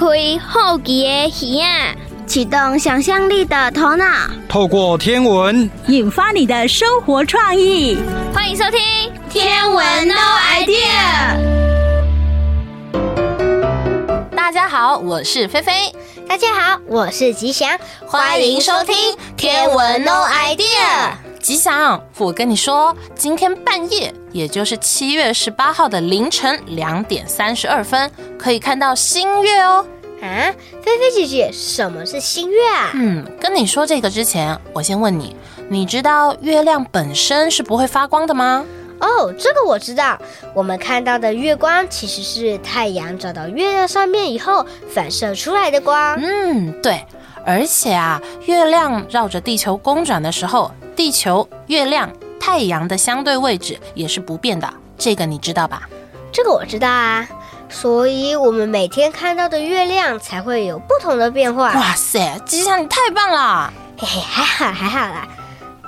開好奇的耳眼，啟動想象力的頭腦，透過天文引發你的生活創意。歡迎收聽《天文 Know Idea》。大家好，我是菲菲。大家好，我是吉祥。歡迎收聽《天文 Know Idea》。吉祥，我跟你說，今天半夜，也就是七月十八號的凌晨兩點三十二分，可以看到新月哦。啊，菲菲姐姐，什麼是新月啊？嗯，跟你說這個之前，我先問你，你知道月亮本身是不會發光的嗎？哦，這個我知道。我們看到的月光其實是太陽照到月亮上面以後反射出來的光。嗯，對。而且啊，月亮繞着地球公轉的時候，地球、月亮、太陽的相對位置也是不變的，這個你知道吧？這個我知道啊，所以我們每天看到的月亮才會有不同的變化。哇塞，吉祥你太棒了！嘿嘿、哎，還好還好啦。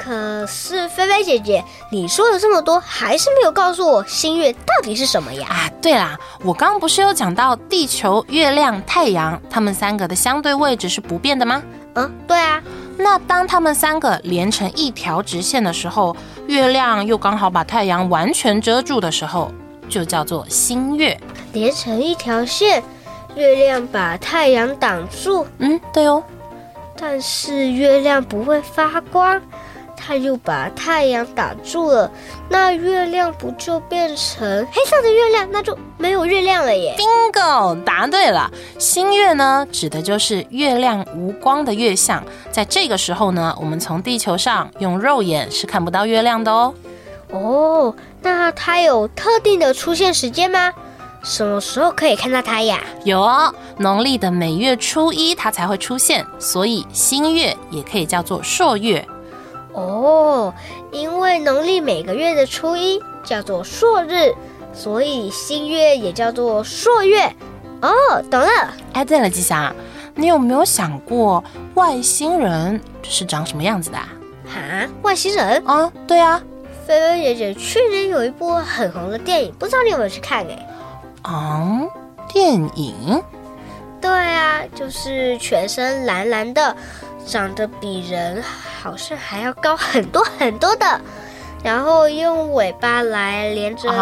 可是菲菲姐姐，你說了這麼多，還是沒有告訴我新月到底是什麼呀？啊，對啦，我剛剛不是有講到地球、月亮、太陽，它們三個的相對位置是不變的嗎？嗯，對啊。那當它們三個連成一條直線的時候，月亮又剛好把太陽完全遮住的時候，就叫做新月。連成一條線，月亮把太陽擋住。嗯，對哦。但是月亮不會發光。他又把太陽擋住了，那月亮不就變成黑色的月亮？那就沒有月亮了耶！Bingo，答對了。新月呢，指的就是月亮無光的月相。在這個時候呢，我們從地球上用肉眼是看不到月亮的哦。哦，oh, 那它有特定的出現時間嗎？什麼時候可以看到它呀？有，哦，農曆的每月初一它才會出現，所以新月也可以叫做朔月。哦，因為農曆每個月的初一叫做朔日，所以新月也叫做朔月。哦，懂了。哎，對了，吉祥，你有沒有想過外星人是長什麼樣子的？哈，外星人？啊、嗯，對啊。菲菲姐姐去年有一部很紅的電影，不知道你有沒有去看？誒。啊、嗯，電影？對啊，就是全身藍藍的。長得比人好像還要高很多很多的，然後用尾巴來連着座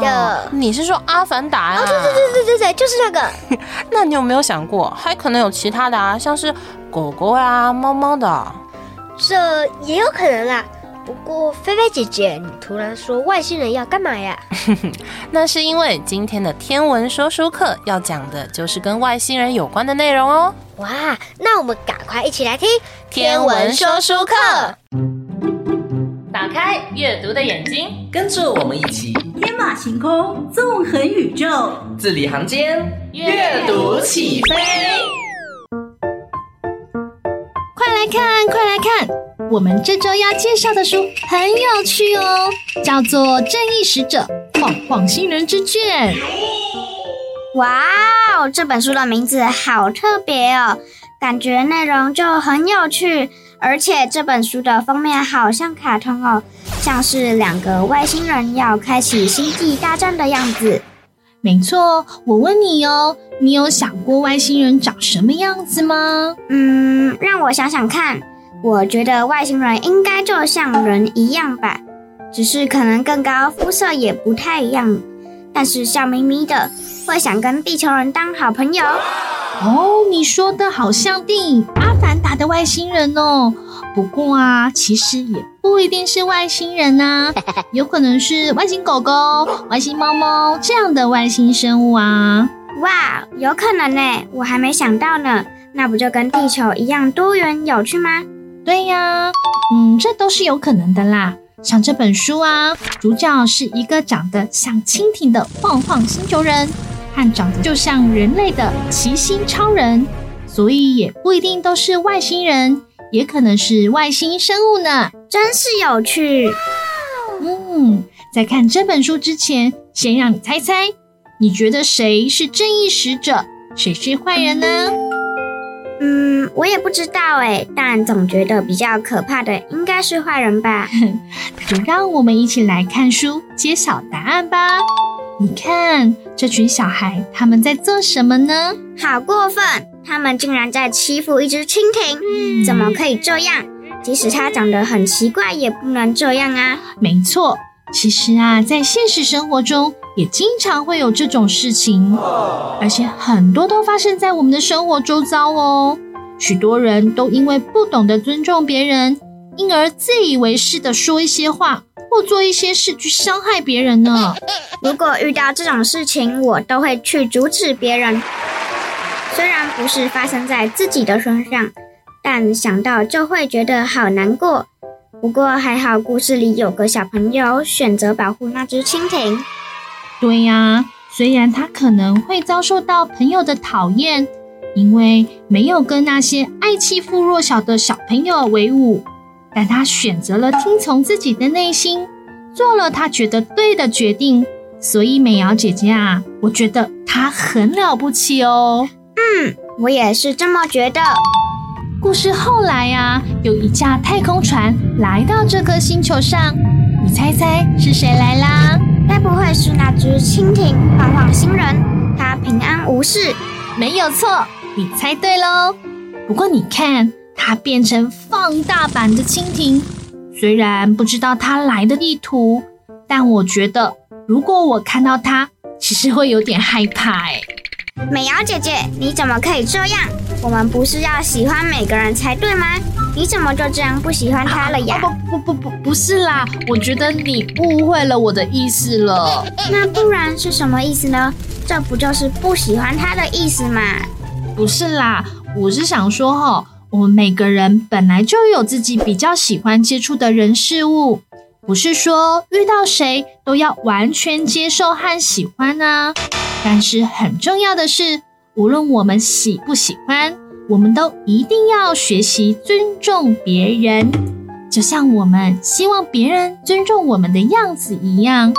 椅的。哦，你是說阿凡達呀？啊？對對、哦、對對對對，就是那個。 那你有沒有想過，還可能有其他的啊？像是狗狗呀、啊、貓貓的，這也有可能啦。不過，菲菲姐姐，你突然說外星人要幹嘛呀？ 那是因為今天的天文說書客要講的就是跟外星人有關的內容哦。哇，那我們趕快一起來聽天文說書客。書客打開閱讀的眼睛，跟着我們一起天馬行空，縱橫宇宙，字裡行間，閱讀起飛。快看，快來看！我們這周要介紹的書很有趣哦，叫做《正義使者：夢幻星人之卷》。哇哦，這本書的名字好特別哦，感覺內容就很有趣，而且這本書的封面好像卡通哦，像是兩個外星人要開啟星際大戰的樣子。沒錯，我問你哦，你有想過外星人長什麼樣子嗎？嗯，讓我想想看，我覺得外星人應該就像人一樣吧，只是可能更高，膚色也不太一樣，但是笑眯眯的，會想跟地球人當好朋友。哦，你說的好像電影《阿凡達》的外星人哦。不過啊，其實也不一定是外星人吶、啊，有可能是外星狗狗、外星貓貓這樣的外星生物啊。哇，有可能呢，我還沒想到呢。那不就跟地球一樣多元有趣嗎？對呀、啊，嗯，這都是有可能的啦。像這本書啊，主角是一個長得像蜻蜓的晃晃星球人，和長得就像人類的奇星超人，所以也不一定都是外星人。也可能是外星生物呢，真是有趣。嗯，在看這本書之前，先讓你猜猜，你覺得誰是正義使者，誰是壞人呢？嗯，我也不知道誒，但總覺得比較可怕的應該是壞人吧。就 讓我們一起來看書，揭曉答案吧。你看，這群小孩他們在做什麼呢？好過分！他們竟然在欺負一隻蜻蜓，怎麼可以這樣？即使它長得很奇怪，也不能這樣啊。沒錯，其實啊，在現實生活中也經常會有這種事情，而且很多都發生在我們的生活周遭哦。許多人都因為不懂得尊重別人，因而自以為是的說一些話或做一些事去傷害別人呢。如果遇到這種事情，我都會去阻止別人。雖然不是發生在自己的身上，但想到就會覺得好難過。不過還好，故事裡有個小朋友選擇保護那只蜻蜓。對呀、啊，雖然他可能會遭受到朋友的討厭，因為沒有跟那些愛欺負弱小的小朋友為伍，但他選擇了聽從自己的內心，做了他覺得對的決定。所以美瑤姐姐啊，我覺得她很了不起哦。嗯，我也是這麼覺得。故事後來呀，有一架太空船來到這顆星球上，你猜猜是誰來啦？該不會是那只蜻蜓？晃晃星人？他平安無事，沒有錯，你猜對嘍。不過你看，他變成放大版的蜻蜓，雖然不知道他來的意圖，但我覺得，如果我看到他，其實會有點害怕欸。美瑤姐姐，你怎麼可以這樣？我們不是要喜歡每個人才對嗎？你怎麼就這樣不喜歡他了呀？啊、不不不不，不是啦，我覺得你誤會了我的意思了。那不然是什麼意思呢？這不就是不喜歡他的意思嗎？不是啦，我是想說哈、哦，我們每個人本來就有自己比較喜歡接觸的人事物，不是說遇到誰都要完全接受和喜歡呢、啊？但是很重要的是，無論我們喜不喜歡，我們都一定要學習尊重別人，就像我們希望別人尊重我們的樣子一樣。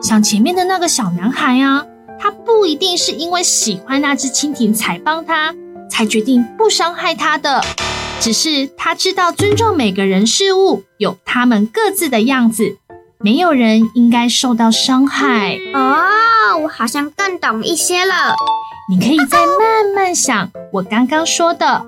像前面的那個小男孩啊，他不一定是因為喜歡那只蜻蜓才幫他，才決定不傷害他的。只是他知道尊重每個人事物有他們各自的樣子，沒有人應該受到傷害啊。我好像更懂一些了，你可以再慢慢想我剛剛說的。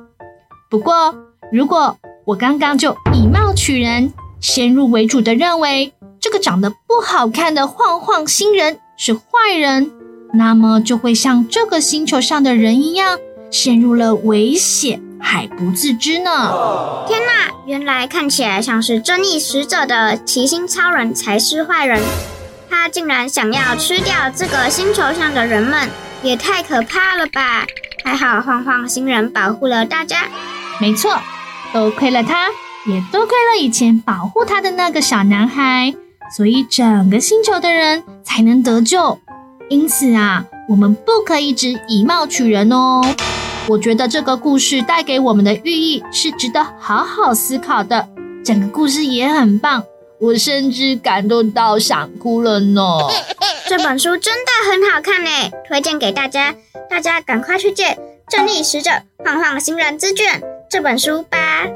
不過，如果我剛剛就以貌取人、先入為主的認為這個長得不好看的晃晃星人是壞人，那麼就會像這個星球上的人一樣，陷入了危險還不自知呢。天哪，原來看起來像是正義使者的齊心超人才是壞人。他竟然想要吃掉這個星球上的人們，也太可怕了吧！還好晃晃星人保護了大家。沒錯，多虧了他，也多虧了以前保護他的那個小男孩，所以整個星球的人才能得救。因此啊，我們不可以只以貌取人哦。我覺得這個故事帶給我們的寓意是值得好好思考的，整個故事也很棒。我甚至感動到想哭了呢！ 這本書真的很好看呢，推薦給大家，大家趕快去借《正義使者：晃晃新人之卷》這本書吧！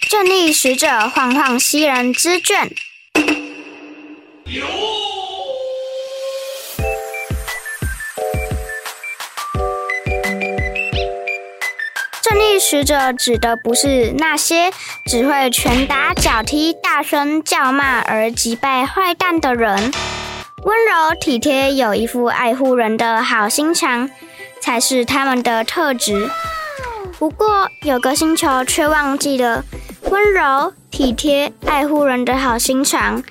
《 正義使者：晃晃新人之卷》有。使者指的不是那些只會拳打腳踢、大聲叫罵而擊敗壞蛋的人，溫柔體貼、有一副愛護人的好心腸，才是他們的特質。不過，有個星球卻忘記了溫柔體貼、愛護人的好心腸，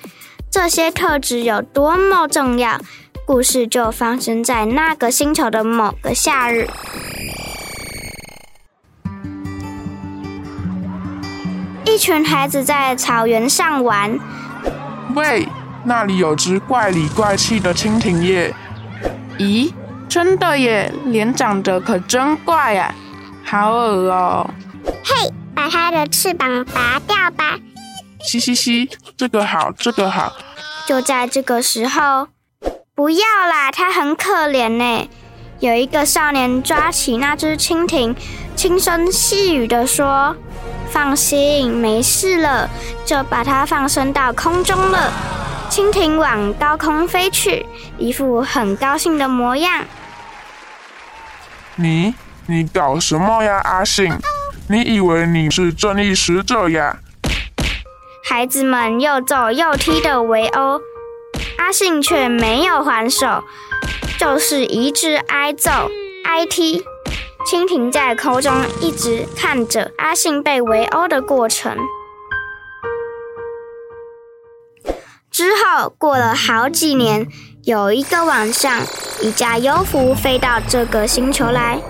這些特質有多麼重要。故事就發生在那個星球的某個夏日。一群孩子在草原上玩。喂，那裡有只怪裡怪氣的蜻蜓耶！咦，真的耶，臉長得可真怪呀，啊，好噁哦。嘿，hey, 把它的翅膀拔掉吧。嘻嘻嘻，這個好，這個好。就在這個時候，不要啦，它很可憐呢。有一個少年抓起那只蜻蜓，輕聲細語地說。放心，沒事了，就把它放生到空中了。蜻蜓往高空飛去，一副很高興的模樣。你你搞什麼呀，阿信？你以為你是正義使者呀？孩子們又揍又踢的圍毆，阿信卻沒有還手，就是一直挨揍挨踢。蜻蜓在空中一直看着阿信被圍毆的過程。之後過了好幾年，有一個晚上，一架幽浮飛到這個星球來，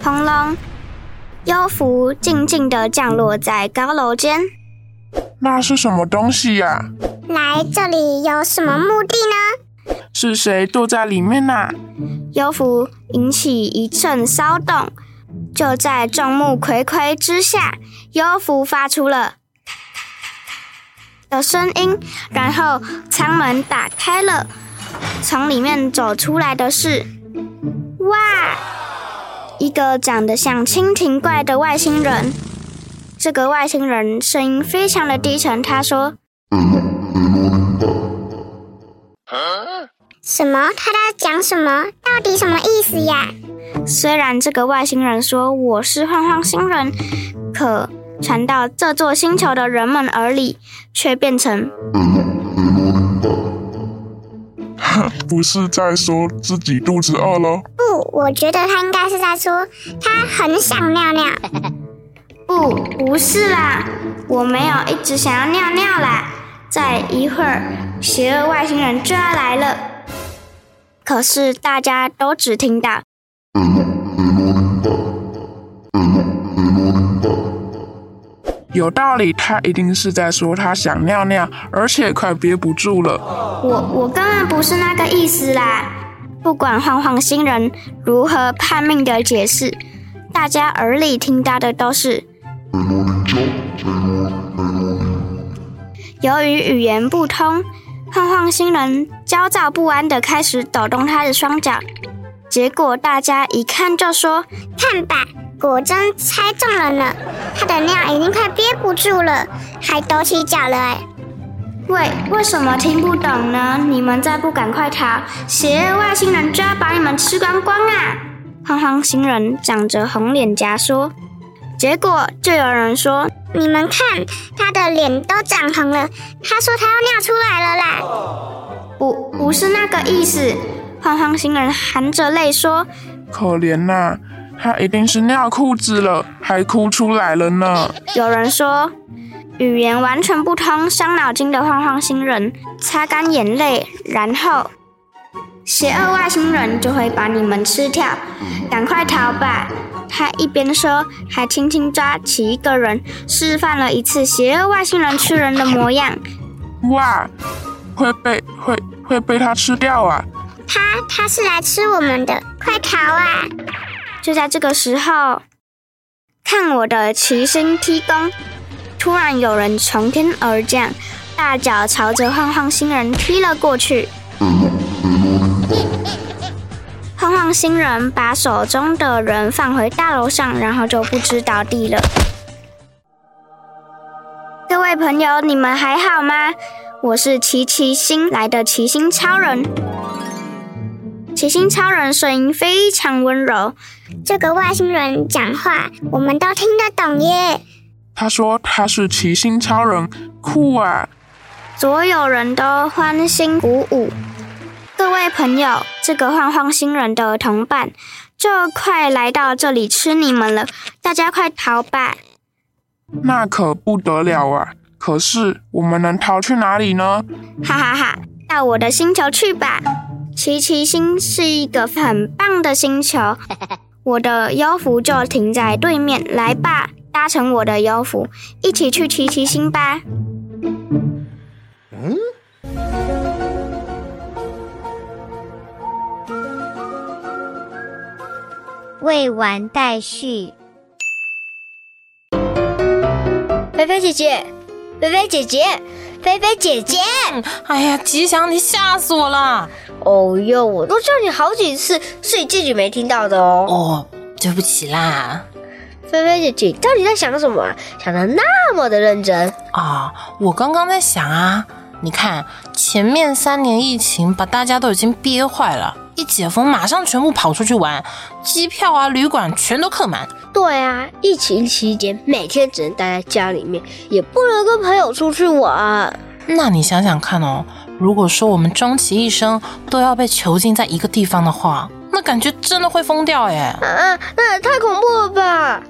轟隆！幽浮靜靜地降落在高樓間。那是什麼東西呀、啊？來這裡有什麼目的呢？是誰躲在裡面呢、啊？幽浮引起一陣騷動，就在眾目睽睽之下，幽浮發出了咔咔咔的聲音，然後艙門打開了，從裡面走出來的是，哇，一個長得像蜻蜓怪的外星人。這個外星人聲音非常的低沉，他說。嗯嗯嗯嗯什麼？他在講什麼？到底什麼意思呀？雖然這個外星人說我是晃晃星人，可傳到這座星球的人們耳裡，却變成……哼、嗯嗯嗯嗯，不是在說自己肚子餓了？不，我覺得他應該是在說他很想尿尿。 不，不是啦，我沒有一直想要尿尿啦。再一會兒，邪惡外星人就要來了。可是大家都只聽到。有道理，他一定是在說他想尿尿，而且快憋不住了。我我根本不是那個意思啦！不管晃晃星人如何拼命的解釋，大家耳裡聽到的都是。由於語言不通，晃晃星人，焦躁不安的開始抖動他的雙腳，結果大家一看就說：“看吧，果真猜中了呢。”他的尿已經快憋不住了，還抖起腳來，欸。喂，為什麼聽不懂呢？你們再不趕快逃，邪惡外星人就要把你們吃光光啊！哼哼星人長着紅臉頰說。結果就有人說：“你們看，他的臉都長紅了。”他說：“他要尿出來了啦。”不，不是那個意思。晃晃星人含着淚說：“可憐吶、啊，他一定是尿褲子了，還哭出來了呢。”有人說：“語言完全不通，傷腦筋的晃晃星人擦乾眼淚，然後，邪惡外星人就會把你們吃掉，趕快逃吧！”他一邊說，還輕輕抓起一個人，示範了一次邪惡外星人吃人的模樣。哇！會被會會被他吃掉啊！他他是來吃我們的，快逃啊！就在這個時候，看我的齊心踢功！突然有人從天而降，大腳朝着晃晃星人踢了過去。 晃晃星人把手中的人放回大樓上，然後就不知倒地了。各位朋友，你們還好嗎？我是齊齊星來的齊星超人，齊星超人聲音非常溫柔。這個外星人講話，我們都聽得懂耶。他說他是齊星超人，酷啊！所有人都歡欣鼓舞。各位朋友，這個晃晃星人的同伴就快來到這裡吃你們了，大家快逃吧！那可不得了啊！可是我們能逃去哪裡呢？哈，哈哈哈，到我的星球去吧！琪琪星是一個很棒的星球，我的幽浮就停在對面。來吧，搭乘我的幽浮，一起去琪琪星吧！嗯？未完待續。菲菲姐姐。菲菲姐姐，菲菲姐姐，嗯，哎呀，吉祥，你嚇死我了！哦喲，我都叫你好幾次，是你自己沒聽到的哦。哦，oh, 對不起啦，菲菲姐姐，到底在想什麼啊？想得那麼的認真啊！Uh, 我剛剛在想啊。你看，前面三年疫情把大家都已經憋壞了，一解封馬上全部跑出去玩，機票啊、旅館全都客滿。對啊，疫情期間每天只能待在家裡面，也不能跟朋友出去玩。那你想想看哦，如果說我們終其一生都要被囚禁在一個地方的話，那感覺真的會瘋掉耶！啊，那、啊、也、啊、太恐怖了吧！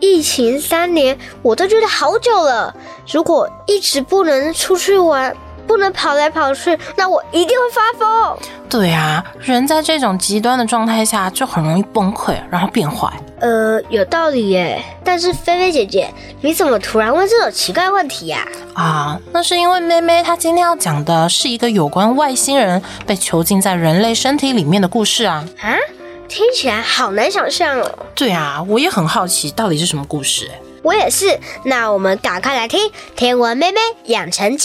疫情三年我都覺得好久了，如果一直不能出去玩。不能跑來跑去，那我一定會發瘋。對啊，人在這種極端的狀態下就很容易崩潰，然後變壞。呃，有道理耶。但是菲菲姐姐，你怎麼突然問這種奇怪問題呀、啊？啊，那是因為妹妹她今天要講的是一個有關外星人被囚禁在人類身體裡面的故事啊。啊，聽起來好難想象哦。對啊，我也很好奇到底是什麼故事。我也是，那我們趕快來聽《天文妹妹養成記》。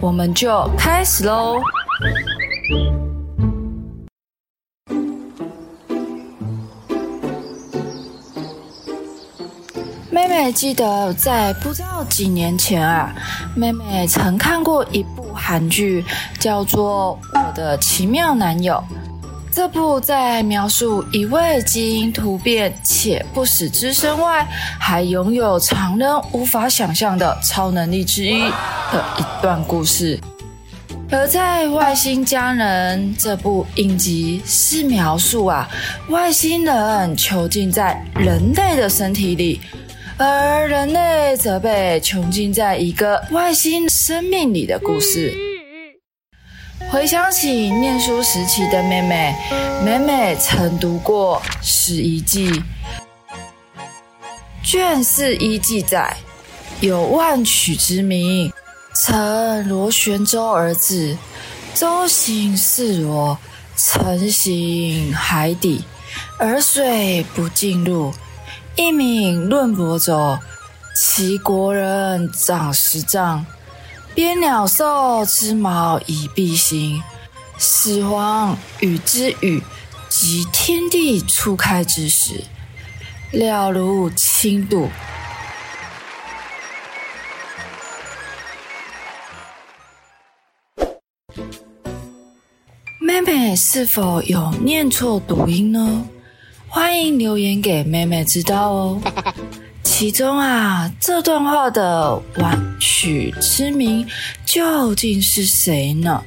我們就開始嘍。妹妹記得在不知道幾年前啊，妹妹曾看過一部韓劇，叫做《我的奇妙男友》。這部在描述一位基因突變且不死之身外，還擁有常人無法想象的超能力之一的一段故事。而在外星家人這部影集是描述啊，外星人囚禁在人類的身體裡，而人類則被囚禁在一個外星生命裡的故事。回想起念書時期的妹妹，妹妹曾讀過《拾遺記》，卷四一記載，有萬曲之名，乘螺旋舟而至，舟行似螺，沉行海底，而水不進入。一名論博者，齊國人掌石，長十丈。編鳥獸之毛以蔽行，始皇與之語，及天地初開之時，瞭如親睹。 妹妹是否有念錯讀音呢？歡迎留言給妹妹知道哦。 其中啊，這段話的婉曲之名究竟是誰呢？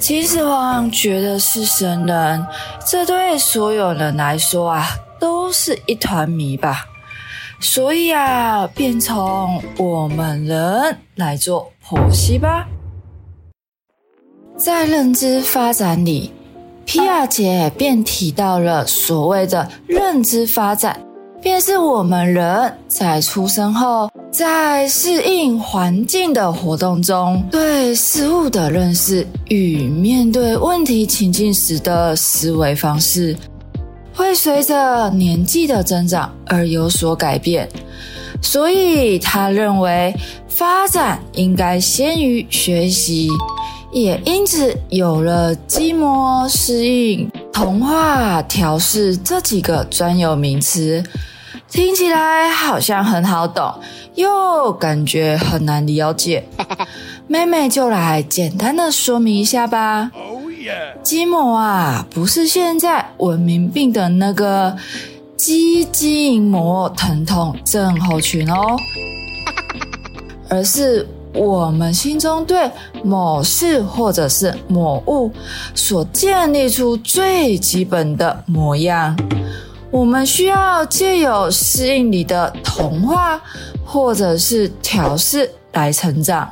秦始皇覺得是神人，這對所有人來說啊，都是一團謎吧。所以啊，便從我們人來做剖析吧。在認知發展裡，皮亞傑便提到了所謂的認知發展。便是我們人在出生後，在適應環境的活動中，對事物的認識與面對問題情境時的思維方式，會隨着年紀的增長而有所改變。所以，他認為發展應該先於學習，也因此有了「基模適應」「同化調試」這幾個專有名詞。聽起來好像很好懂，又感覺很難理解。妹妹就來簡單的說明一下吧。Oh yeah. 基模啊，不是現在文明病的那個肌筋膜疼痛症候群哦，而是我們心中對某事或者是某物所建立出最基本的模樣。我們需要借由適應你的童話，或者是調試來成長。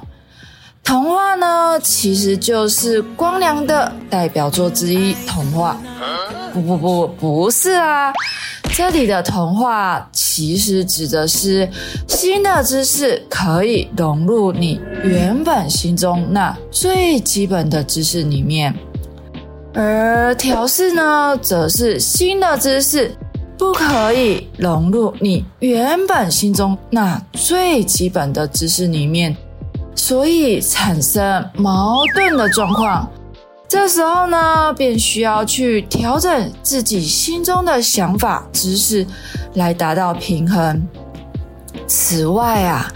童話呢，其實就是光良的代表作之一。童話，不不不，不是啊。這裡的童話其實指的是新的知識可以融入你原本心中那最基本的知識裡面，而調試呢，則是新的知識。不可以融入你原本心中那最基本的知識裡面，所以產生矛盾的狀況。這時候呢，便需要去調整自己心中的想法、知識，來達到平衡。此外啊。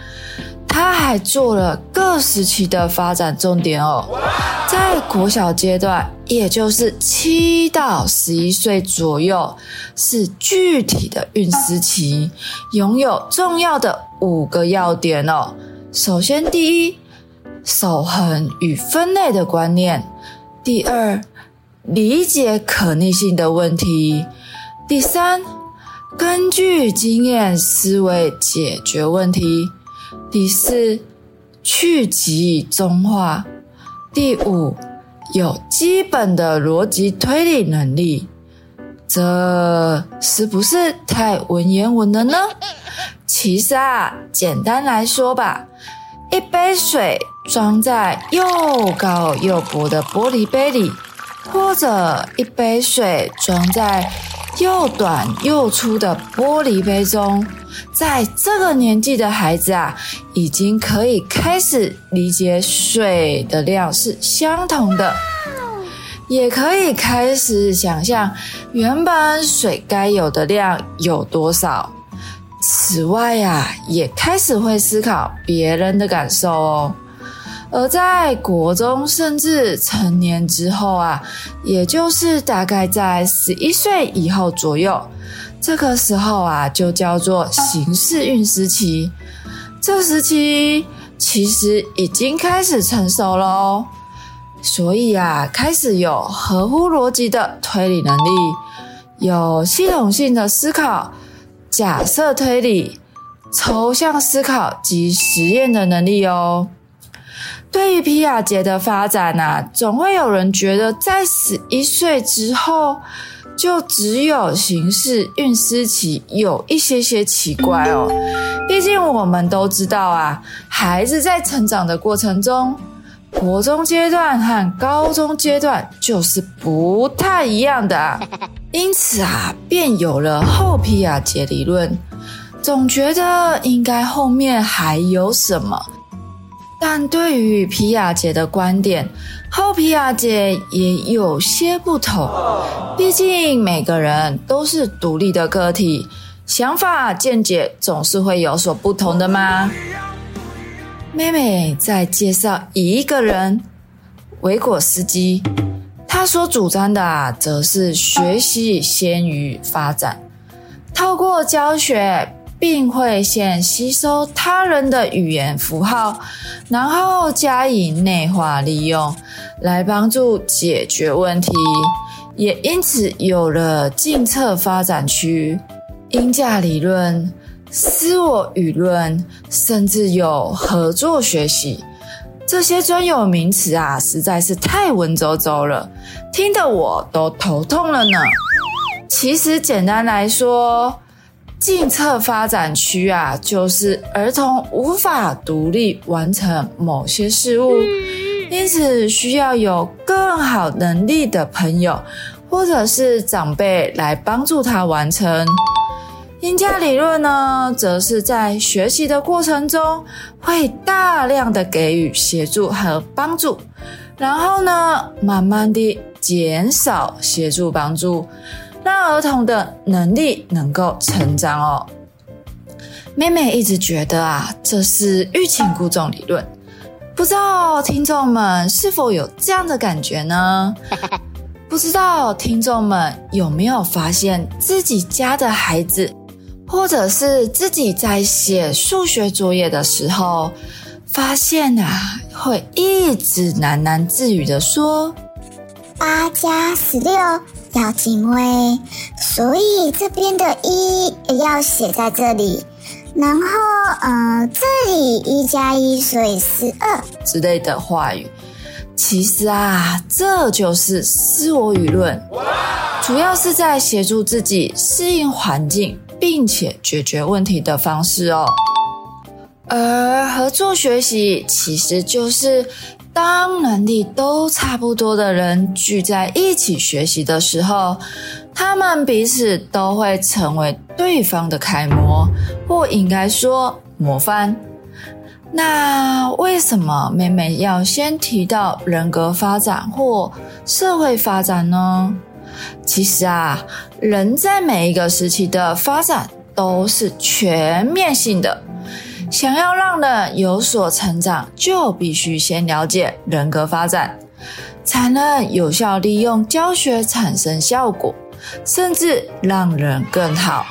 他還做了各時期的發展重點哦，在國小階段，也就是七到十一歲左右，是具體的運思期，擁有重要的五個要點哦。首先，第一，守恆與分類的觀念；第二，理解可逆性的問題；第三，根據經驗思維解決問題。第四，去集中化。第五，有基本的邏輯推理能力。這是不是太文言文了呢？其實啊，簡單來說吧，一杯水裝在又高又薄的玻璃杯裡，或者一杯水裝在。又短又粗的玻璃杯中，在這個年紀的孩子啊，已經可以開始理解水的量是相同的，也可以開始想象原本水該有的量有多少。此外啊，也開始會思考別人的感受哦。而在國中甚至成年之後啊，也就是大概在十一歲以後左右，這個時候啊，就叫做形式運思期。這時期其實已經開始成熟了哦，所以啊，開始有合乎邏輯的推理能力，有系統性的思考、假設推理、抽象思考及實驗的能力哦。對於皮亞傑的發展呢、啊，總會有人覺得在十一歲之後就只有形式運思期有一些些奇怪哦。畢竟我們都知道啊，孩子在成長的過程中，國中階段和高中階段就是不太一樣的、啊，因此啊，便有了後皮亞傑理論，總覺得應該後面還有什麼。但對於皮亞傑的觀點，後皮亞傑也有些不同。畢竟每個人都是獨立的個體，想法見解總是會有所不同的嘛。妹妹再介紹一個人——維果斯基，他所主張的、啊、則是學習先於發展，透過教學。並會先吸收他人的語言符號，然後加以內化利用，來幫助解決問題，也因此有了近側發展區、鷹架理論、私我語論，甚至有合作學習這些專有名詞啊，實在是太文縐縐了，聽得我都頭痛了呢。其實簡單來說。近側發展區啊，就是兒童無法獨立完成某些事物，因此需要有更好能力的朋友或者是長輩來幫助他完成。鷹架理論呢，則是在學習的過程中會大量的給予協助和幫助，然後呢，慢慢的減少協助幫助。讓兒童的能力能夠成長哦。妹妹一直覺得啊，這是欲擒故縱理論，不知道聽眾們是否有這樣的感覺呢？ 不知道聽眾們有沒有發現自己家的孩子，或者是自己在寫數學作業的時候，發現啊，會一直喃喃自語的說：“八加十六。”要進位，所以這邊的一也要寫在這裡。然後，嗯，這裡一加一，所以是二之類的話語。其實啊，這就是自我輿論，主要是在協助自己適應環境，並且解決問題的方式哦。而合作學習其實就是。當能力都差不多的人聚在一起學習的時候，他們彼此都會成為對方的楷模，或應該說模範。那為什麼妹妹要先提到人格發展或社會發展呢？其實啊，人在每一個時期的發展都是全面性的。想要讓人有所成長，就必須先了解人格發展，才能有效利用教學產生效果，甚至讓人更好。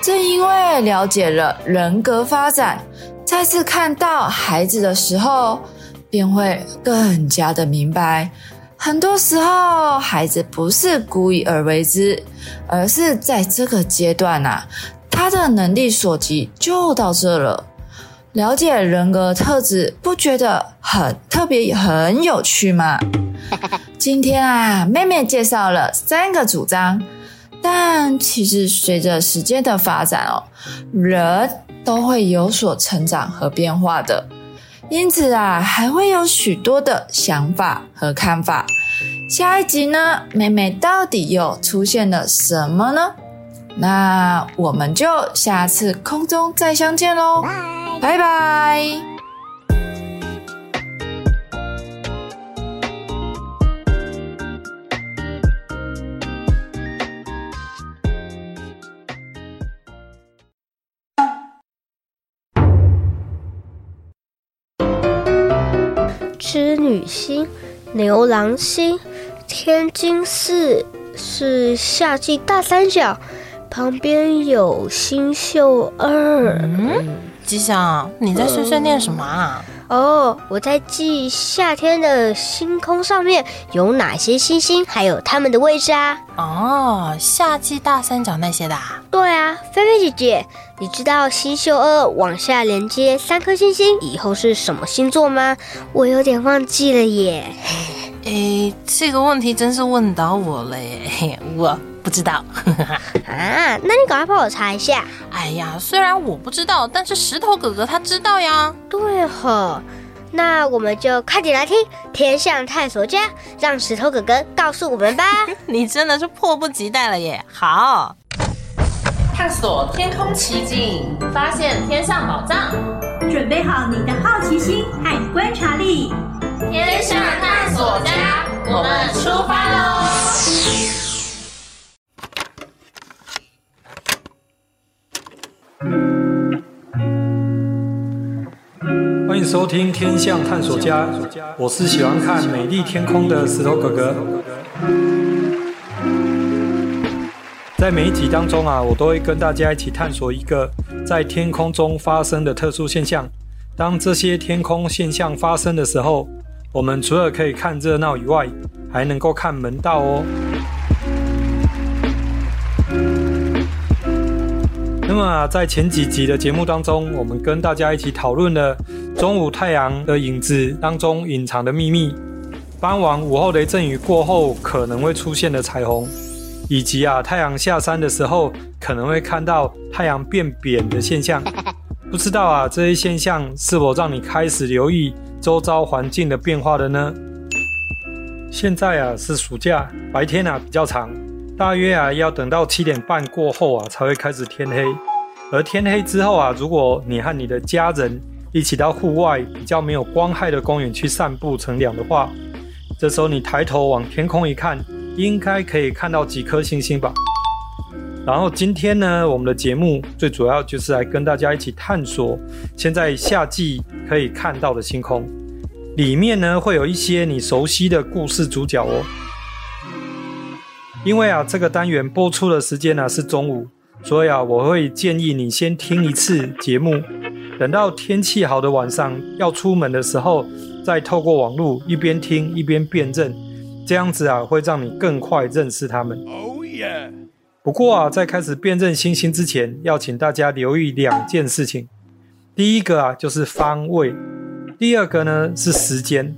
正因為了解了人格發展，再次看到孩子的時候，便會更加的明白。很多時候，孩子不是故意而為之，而是在這個階段啊，他的能力所及就到這了。了解人格特質，不覺得很特別、很有趣嗎？今天啊，妹妹介紹了三個主張，但其實隨着時間的發展哦，人都會有所成長和變化的，因此啊，還會有許多的想法和看法。下一集呢，妹妹到底又出現了什麼呢？那我們就下次空中再相見嘍！拜拜 Bye。Bye bye 織女星、牛郎星、天津四是夏季大三角。旁邊有星宿二、嗯，吉祥，你在碎碎念什麼啊、嗯？哦，我在記夏天的星空上面有哪些星星，還有它們的位置啊。哦，夏季大三角那些的、啊。對啊，菲菲姐姐，你知道星宿二往下連接三顆星星以後是什麼星座嗎？我有點忘記了耶。哎，這個問題真是問到我了耶！我不知道 啊，那你趕快幫我查一下。哎呀，雖然我不知道，但是石頭哥哥他知道呀。對哈、哦，那我們就快點來聽天象探索家，讓石頭哥哥告訴我們吧。 你真的是迫不及待了耶！好，探索天空奇境，發現天象寶藏，準備好你的好奇心和觀察力。天象探索家，我們出發嘍！歡迎收聽《天象探索家》，我是喜歡看美麗天空的石頭哥哥。在每一集當中啊，我都會跟大家一起探索一個在天空中發生的特殊現象。當這些天空現象發生的時候，我們除了可以看熱鬧以外，還能夠看門道哦。那麼啊，在前幾集的節目當中，我們跟大家一起討論了中午太陽的影子當中隱藏的秘密，傍晚午後雷陣雨過後可能會出現的彩虹，以及啊太陽下山的時候可能會看到太陽變扁的現象。不知道啊，這些現象是否讓你開始留意？周遭環境的變化的呢？現在啊是暑假，白天啊比較長，大約啊要等到七點半過後啊才會開始天黑。而天黑之後啊，如果你和你的家人一起到戶外比較沒有光害的公園去散步乘涼的話，這時候你抬頭往天空一看，應該可以看到幾顆星星吧。然後今天呢，我們的節目最主要就是來跟大家一起探索現在夏季可以看到的星空。裡面呢，會有一些你熟悉的故事主角哦，因為啊這個單元播出的時間呢，啊，是中午，所以啊我會建議你先聽一次節目，等到天氣好的晚上要出門的時候，再透過網絡，一邊聽一邊辨認，這樣子啊會讓你更快認識他們。哦耶！不過啊在開始辨認星星之前，要請大家留意兩件事情，第一個啊就是方位。第二個呢是時間，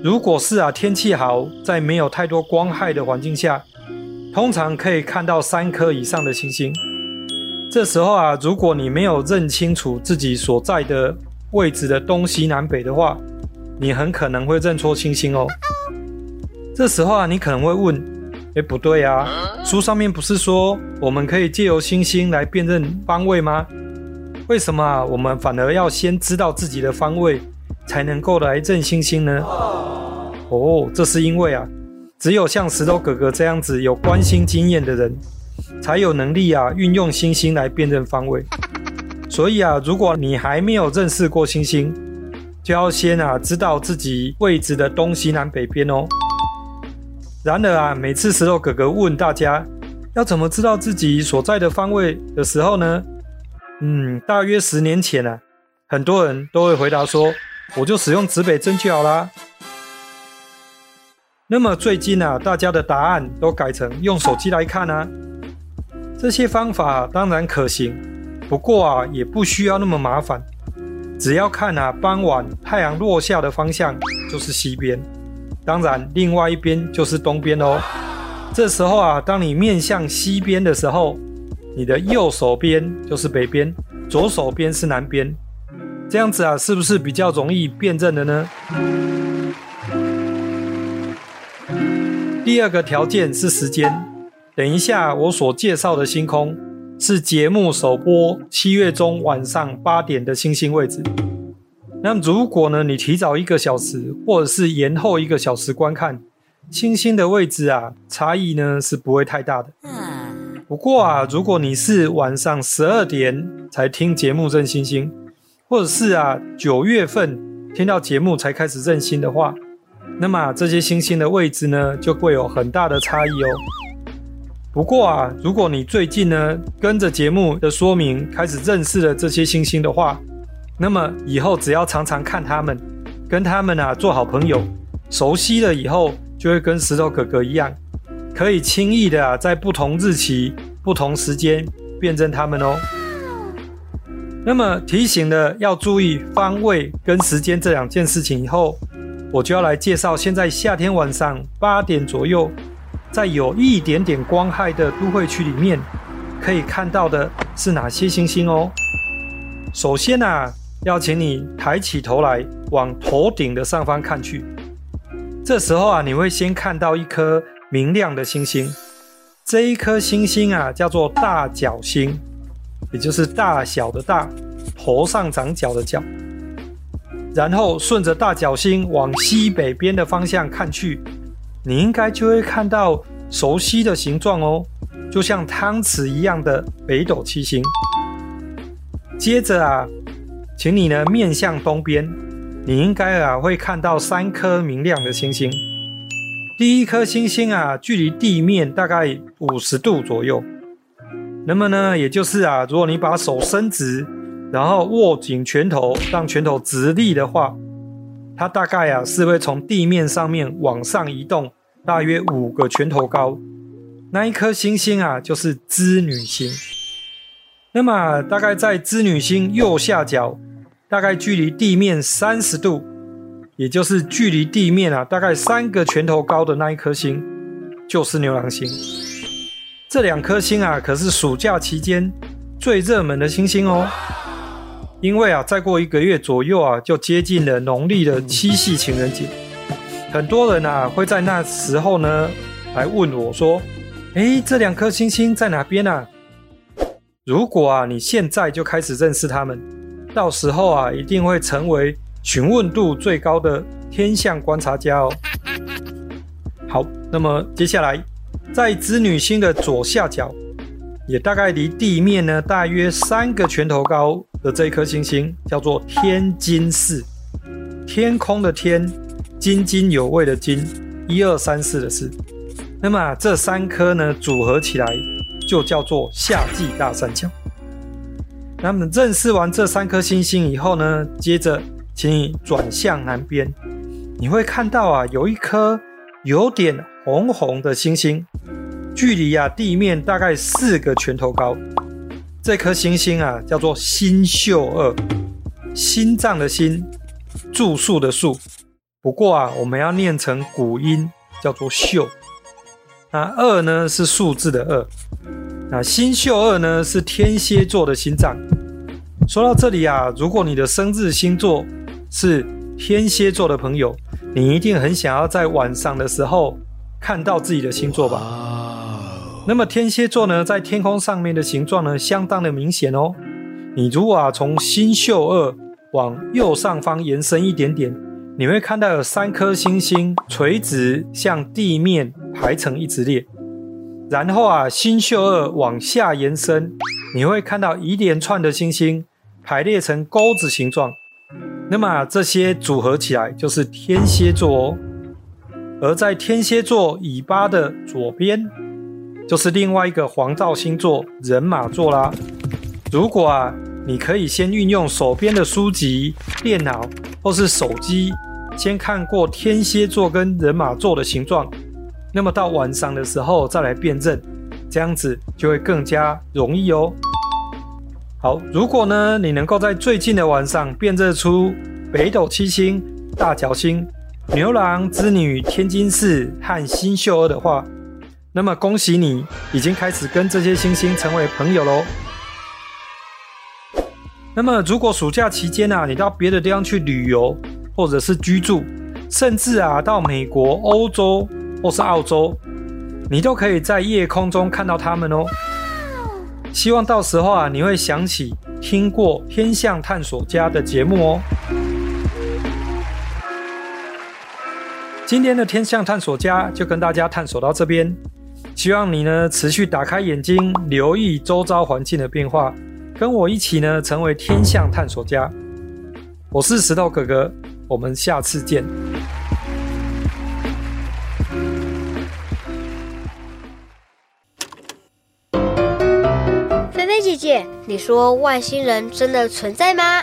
如果是啊天氣好，在沒有太多光害的環境下，通常可以看到三顆以上的星星。這時候啊，如果你沒有認清楚自己所在的位置的東西南北的話，你很可能會認錯星星哦。這時候啊，你可能會問，誒，不對啊，書上面不是說我們可以借由星星來辨認方位嗎？為什麼啊，我們反而要先知道自己的方位，才能夠來認星星呢？哦，這是因為啊，只有像石頭哥哥這樣子有觀星經驗的人，才有能力啊運用星星來辨認方位。所以啊，如果你還沒有認識過星星，就要先啊知道自己位置的東西南北邊哦。然而啊，每次石頭哥哥問大家要怎麼知道自己所在的方位的時候呢？嗯，大約十年前呢、啊，很多人都會回答說：“我就使用指北針就好啦。”那麼最近呢、啊，大家的答案都改成用手機來看啊。這些方法、啊、當然可行，不過啊，也不需要那麼麻煩，只要看啊，傍晚太陽落下的方向就是西邊，當然，另外一邊就是東邊哦。這時候啊，當你面向西邊的時候。你的右手邊就是北邊，左手邊是南邊，這樣子啊，是不是比較容易辨認的呢？嗯、第二個條件是時間，等一下我所介紹的星空是節目首播七月中晚上八點的星星位置。那如果呢你提早一個小時或者是延後一個小時觀看，星星的位置啊差異呢是不會太大的。嗯不過啊，如果你是晚上十二點才聽節目認星星，或者是啊九月份聽到節目才開始認星的話，那麼啊，這些星星的位置呢就會有很大的差異哦。不過啊，如果你最近呢跟着節目的說明開始認識了這些星星的話，那麼以後只要常常看他們，跟他們啊做好朋友，熟悉了以後，就會跟石頭哥哥一樣。可以輕易的啊，在不同日期、不同時間辨認它們哦。那麼提醒了要注意方位跟時間這兩件事情以後，我就要來介紹現在夏天晚上八點左右，在有一點點光害的都會區裡面，可以看到的是哪些星星哦。首先啊，要請你抬起頭來，往頭頂的上方看去。這時候啊，你會先看到一顆。明亮的星星，這一顆星星啊，叫做大角星，也就是大小的“大”，頭上長角的“角”。然後順着大角星往西北邊的方向看去，你應該就會看到熟悉的形狀哦，就像湯匙一樣的北斗七星。接着啊，請你呢，面向東邊，你應該啊，會看到三顆明亮的星星。第一顆星星啊，距離地面大概五十度左右。那麼呢，也就是啊，如果你把手伸直，然後握緊拳頭，讓拳頭直立的話，它大概啊是會從地面上面往上移動大約五個拳頭高。那一顆星星啊，就是織女星。那麼大概在織女星右下角，大概距離地面三十度。也就是距離地面啊，大概三個拳頭高的那一顆星，就是牛郎星。這兩顆星啊，可是暑假期間最熱門的星星哦。因為啊，再過一個月左右啊，就接近了農曆的七夕情人節，很多人啊會在那時候呢來問我說：“哎，這兩顆星星在哪邊呢啊？”如果啊你現在就開始認識他們，到時候啊一定會成為。詢問度最高的天象觀察家哦。好，那麼接下來，在織女星的左下角，也大概離地面呢大約三個拳頭高的這一顆星星，叫做天津四。天空的天，津津有味的津，一二三四的四。那麼這三顆呢組合起來就叫做夏季大三角。那麼認識完這三顆星星以後呢，接着。請你轉向南邊，你會看到啊，有一顆有點紅紅的星星，距離啊地面大概四個拳頭高。這顆星星啊叫做心宿二，心臟的心，住宿的宿。不過啊，我們要念成古音，叫做宿。那二呢是數字的二，那心宿二呢是天蠍座的心臟。說到這裡啊，如果你的生日星座是天蠍座的朋友，你一定很想要在晚上的時候看到自己的星座吧？哇那麼天蠍座呢，在天空上面的形狀呢，相當的明顯哦。你如果啊從心宿二往右上方延伸一點點，你會看到有三顆星星垂直向地面排成一直列，然後啊心宿二往下延伸，你會看到一連串的星星。排列成鈎子形狀，那麼這些組合起來就是天蠍座哦。而在天蠍座尾巴的左邊，就是另外一個黃道星座，人馬座啦。如果啊，你可以先運用手邊的書籍、電腦或是手機，先看過天蠍座跟人馬座的形狀，那麼到晚上的時候再來辨認，這樣子就會更加容易哦。好，如果呢，你能夠在最近的晚上辨認出北斗七星、大角星、牛郎織女、天津四和心宿二的話，那麼恭喜你，已經開始跟這些星星成為朋友嘍。那麼，如果暑假期間啊，你到別的地方去旅遊，或者是居住，甚至啊，到美國、歐洲或是澳洲，你都可以在夜空中看到它們哦。希望到時候啊，你會想起聽過《天象探索家》的節目哦。今天的《天象探索家》就跟大家探索到這邊，希望你呢持續打開眼睛，留意周遭環境的變化，跟我一起呢成為天象探索家。我是石頭哥哥，我們下次見。姐你說外星人真的存在嗎？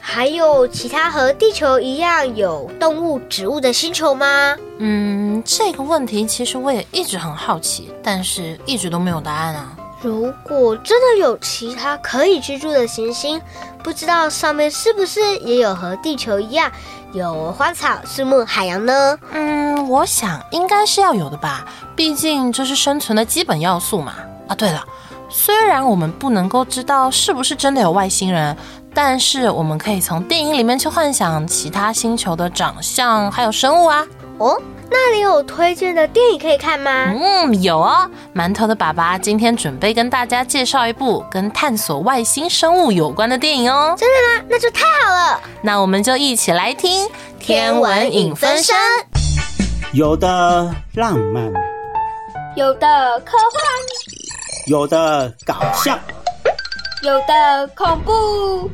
還有其他和地球一樣有動物、植物的星球嗎？嗯，這個問題其實我也一直很好奇，但是一直都沒有答案啊。如果真的有其他可以居住的行星，不知道上面是不是也有和地球一樣有花草、樹木、海洋呢？嗯，我想應該是要有的吧，畢竟這是生存的基本要素嘛。啊，對了。雖然我們不能夠知道是不是真的有外星人，但是我們可以從電影裡面去幻想其他星球的長相還有生物啊。哦，那裡有推薦的電影可以看嗎？嗯，有哦。饅頭的爸爸今天準備跟大家介紹一部跟探索外星生物有關的電影哦。真的嗎？那就太好了。那我們就一起來聽《天文影分身》，天文影分身。有的浪漫，有的科幻。有的搞笑，有的恐怖。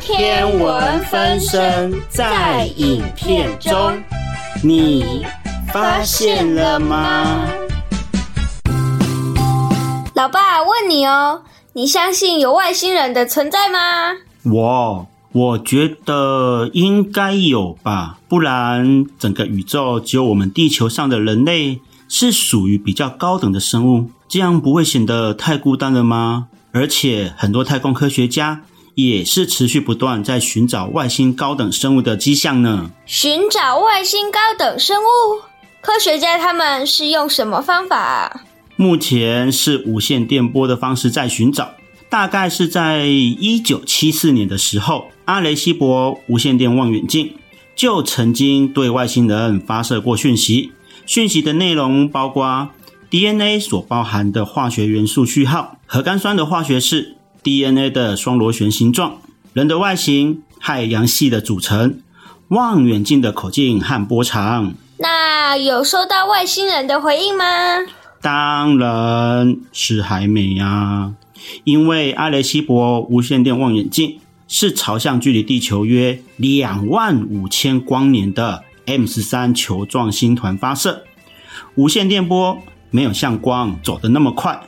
天文分身在影片中，你發現了嗎？老爸問你哦，你相信有外星人的存在嗎？我，我覺得應該有吧，不然整個宇宙只有我們地球上的人類是屬於比較高等的生物。這樣不會顯得太孤單了嗎？而且很多太空科學家也是持續不斷在尋找外星高等生物的跡象呢。尋找外星高等生物，科學家他們是用什麼方法啊？目前是無線電波的方式在尋找。大概是在一九七四年的時候，阿雷西博無線電望遠鏡就曾經對外星人發射過訊息，訊息的內容包括。DNA 所包含的化學元素序號，核苷酸的化學式，DNA 的雙螺旋形狀，人的外形，太陽系的組成，望遠鏡的口徑和波長。那有收到外星人的回應嗎？當然是還沒呀、啊，因為阿雷西博無線電望遠鏡是朝向距離地球約兩萬五千光年的 M 十三球狀星團發射無線電波。沒有像光走得那麼快，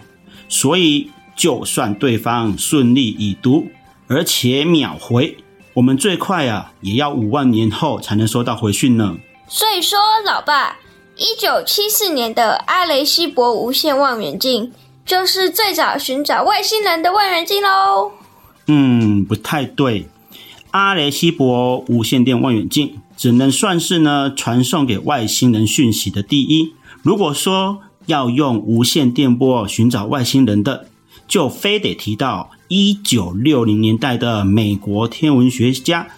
所以就算對方順利已讀，而且秒回，我們最快啊也要五萬年後才能收到回訊呢。所以說，老爸，一九七四年的阿雷西博無線望遠鏡就是最早尋找外星人的望遠鏡嘍。嗯，不太對，阿雷西博無線電望遠鏡只能算是呢傳送給外星人訊息的第一。如果說要用無線電波尋找外星人的，就非得提到一九六零年代的美國天文學家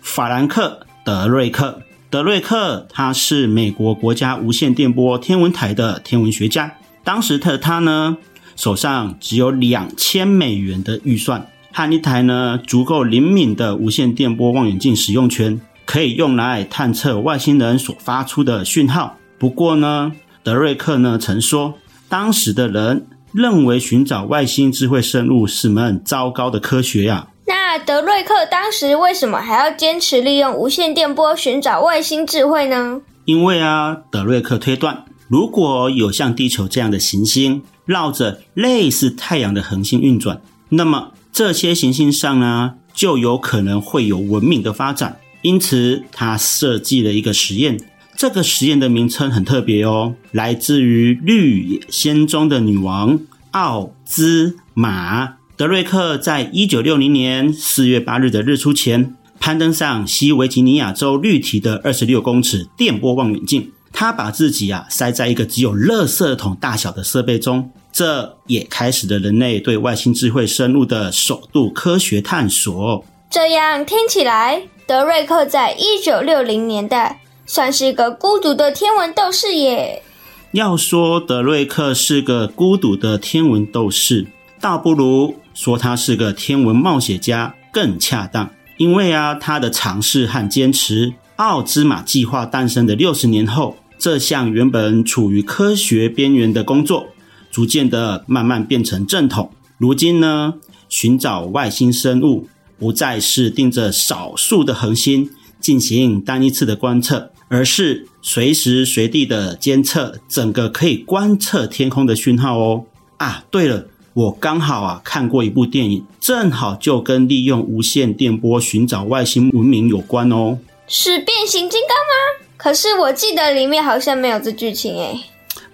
法蘭克·德瑞克。德瑞克他是美國國家無線電波天文台的天文學家，當時的他呢手上只有兩千美元的預算，和一台呢足夠靈敏的無線電波望遠鏡使用權，可以用來探測外星人所發出的訊號。不過呢。德瑞克呢曾說，當時的人認為尋找外星智慧生物是門很糟糕的科學呀、啊。那德瑞克當時為什麼還要堅持利用無線電波尋找外星智慧呢？因為啊，德瑞克推斷，如果有像地球這樣的行星繞着類似太陽的恆星運轉，那麼這些行星上呢，就有可能會有文明的發展。因此，他設計了一個實驗。這個實驗的名稱很特別哦，來自於《綠野仙蹤》的女王奧茲瑪。德瑞克在一九六零年四月八日的日出前，攀登上西維吉尼亞州綠堤的二十六公尺電波望遠鏡。他把自己啊塞在一個只有垃圾桶大小的設備中，這也開始了人類對外星智慧深入的首度科學探索。這樣聽起來，德瑞克在一九六零年代，算是一個孤獨的天文鬥士耶。要說德瑞克是個孤獨的天文鬥士，倒不如說他是個天文冒險家更恰當。因為啊，他的嘗試和堅持，奧茲瑪計劃誕生的六十年後，這項原本處於科學邊緣的工作，逐漸的慢慢變成正統。如今呢，尋找外星生物不再是盯着少數的恆星進行單一次的觀測。而是隨時隨地的監測整個可以觀測天空的訊號哦。啊，對了，我剛好啊看過一部電影，正好就跟利用無線電波尋找外星文明有關哦。是變形金剛嗎？可是我記得裡面好像沒有這劇情誒、欸。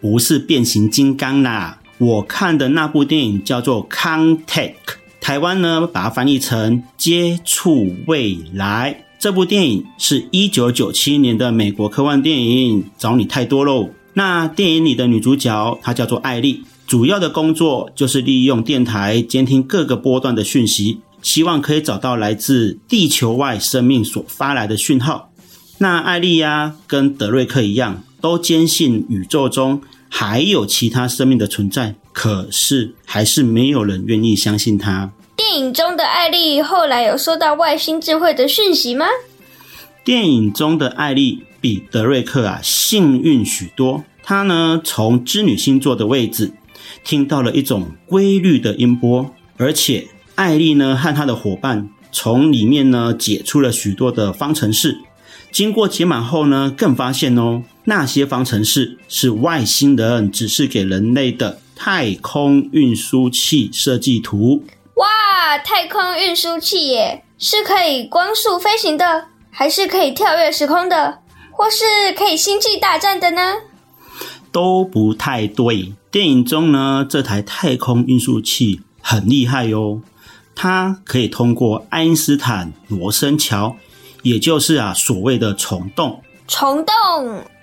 不是變形金剛啦，我看的那部電影叫做《Contact》，台灣呢把它翻譯成《接觸未來》。這部電影是一九九七年的美國科幻電影，《找你太多嘍》。那電影裡的女主角，她叫做艾莉，主要的工作就是利用電台監聽各個波段的訊息，希望可以找到來自地球外生命所發來的訊號。那艾莉呀，跟德瑞克一樣，都堅信宇宙中還有其他生命的存在，可是還是沒有人願意相信她。電影中的艾莉後來有收到外星智慧的訊息嗎？電影中的艾莉比德瑞克啊幸運許多。她呢從織女星座的位置聽到了一種規律的音波，而且艾莉呢和她的夥伴從裡面呢解出了許多的方程式。經過解碼後呢，更發現哦，那些方程式是外星人指示給人類的太空運輸器設計圖。哇，太空運輸器耶，是可以光速飛行的？還是可以跳躍時空的？或是可以星際大戰的呢？都不太對。電影中呢，這台太空運輸器很厲害哦，它可以通過愛因斯坦羅森橋，也就是啊所謂的蟲洞。蟲洞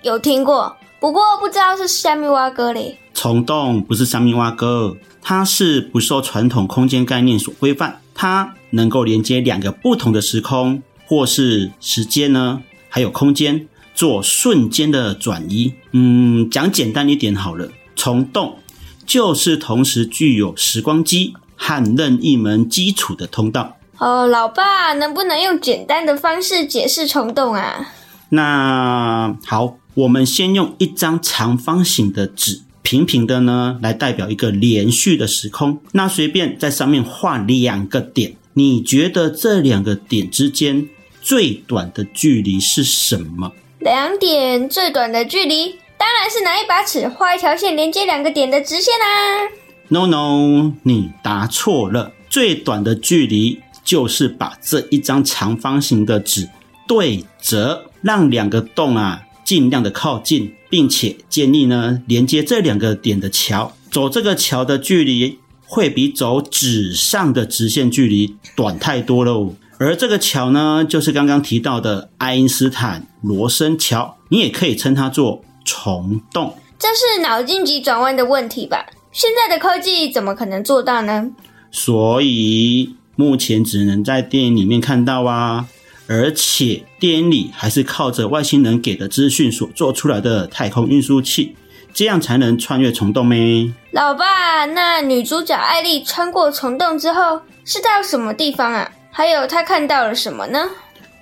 有聽過，不過不知道是蝦米碗糕嘞。蟲洞不是蝦米碗糕。它是不受傳統空間概念，所規範，它能夠連接兩個不同的時空，或是時間呢，還有空間做瞬間的轉移。嗯，講簡單一點好了，蟲洞就是同時具有時光機和任意門基礎的通道。哦，老爸能不能用簡單的方式解釋蟲洞啊？那好，我們先用一張長方形的紙。平平的呢，來代表一個連續的時空。那隨便在上面畫兩個點，你覺得這兩個點之間最短的距離是什麼？兩點最短的距離，當然是拿一把尺畫一條線連接兩個點的直線啦，啊。No, no，你答錯了。最短的距離就是把這一張長方形的紙對折，讓兩個洞啊。盡量的靠近，並且建議呢，連接這兩個點的橋，走這個橋的距離會比走紙上的直線距離短太多嘍哦。而這個橋呢，就是剛剛提到的愛因斯坦羅森橋，你也可以稱它做蟲洞。這是腦筋急轉彎的問題吧？現在的科技怎麼可能做到呢？所以目前只能在電影裡面看到啊。而且電影裡還是靠着外星人給的資訊所做出來的太空運輸器，這樣才能穿越蟲洞咩？老爸，那女主角艾麗穿過蟲洞之後是到什麼地方啊？還有她看到了什麼呢？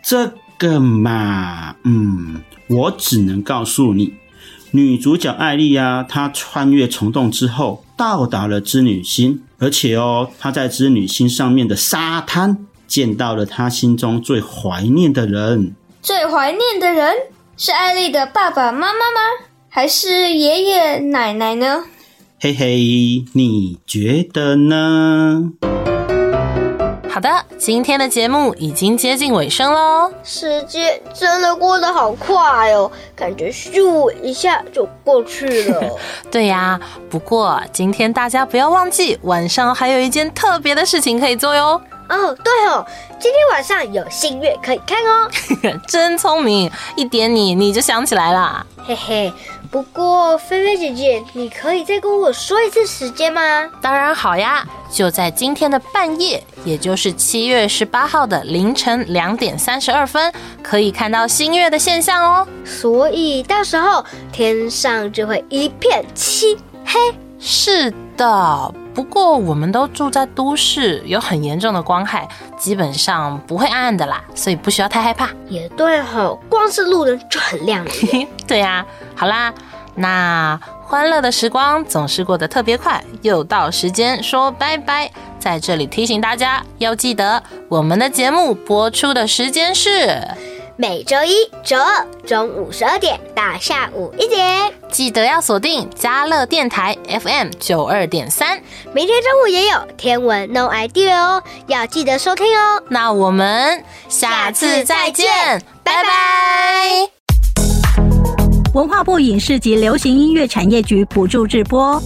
這個嘛，嗯，我只能告訴你，女主角艾麗呀、啊，她穿越蟲洞之後到達了織女星，而且哦，她在織女星上面的沙灘。見到了他心中最懷念的人。最懷念的人是艾麗的爸爸媽媽嗎？還是爺爺奶奶呢？嘿嘿，你覺得呢？好的，今天的節目已經接近尾聲嘍。時間真的過得好快哦，感覺咻一下就過去了。 對呀、啊，不過今天大家不要忘記，晚上還有一件特別的事情可以做喲。哦，對哦，今天晚上有新月可以看哦， 真聰明，一點你你就想起來了，嘿嘿。不過菲菲姐姐，你可以再跟我說一次時間嗎？當然好呀，就在今天的半夜，也就是七月十八號的凌晨兩點三十二分，可以看到新月的現象哦。所以到時候天上就會一片漆黑。是的。不過，我們都住在都市，有很嚴重的光害，基本上不會暗暗的啦，所以不需要太害怕。也對哦。光是路燈就很亮了。 對呀、啊，好啦，那歡樂的時光總是過得特別快，又到時間說拜拜。在這裡提醒大家，要記得我們的節目播出的時間是。每週一、週二中午十二點到下午一點，記得要鎖定嘉樂電台 FM 九二點三。明天中午也有天文 Know Idea 哦，要記得收聽哦。那我們下次再見，拜拜。拜拜。文化部影視及流行音樂產業局補助直播。